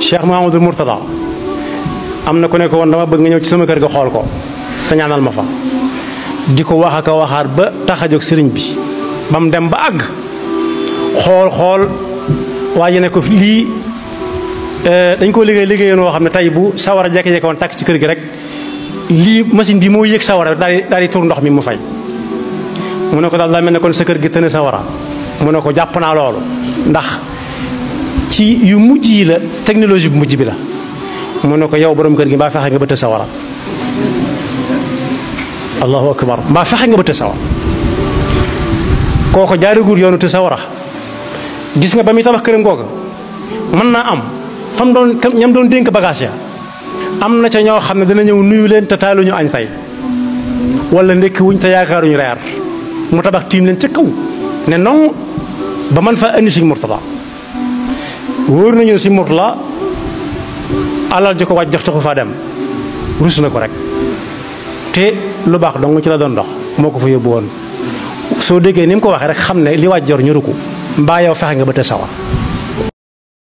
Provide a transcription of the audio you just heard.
Cheikh Mahamadul Mourtada am na ku nekk ko woon dama bëgg nga ñëw ci sama kër ga xool ko te ñaanal ma fa di ko wax ak a waxaat ba tax a jóg sëriñ bi ba mu dem ba àgg xool xool waaye ne ko lii euh, dañ koo liggéey liggéeyoon woo xam ne tey bu sawara jekki-jekki woon tàkk ci kër gi rek lii machine bi moo yëg sawara daal di daal di tur ndox mi mu fay mu ne ko daal daa mel ne kon sa kër gi tëne sawara mu ne ko jàpp naa loolu ndax ci yu mujj yi la technologie bu mujj bi la mu ne ko yow borom kër gi mbaa fexe nga bëtt sawara allahu akbar mbaa fexe nga bëtt sawara kooko jaarigul yoonu te sawara gis nga ba muy tabax këram googa mën naa am fam doon ñam doon dénk bagage ya am na ca ñoo xam ne dana ñëw nuyu leen te taaluñu añ tey wala ndekki wuñ te yaakaaruñu reer mu tabax tiim leen ca kaw ne non ba man fa indi suñ murtaba wóor nañu ne si la alal ji ko waaj jox taxu faa dem rus na ko rek te lu baax dong ci la doon dox moo ko fa yóbbu woon soo déggee ni mu ko waxee rek xam ne li waaj jor ñoru ko mbaa yow fexe nga ba te sawar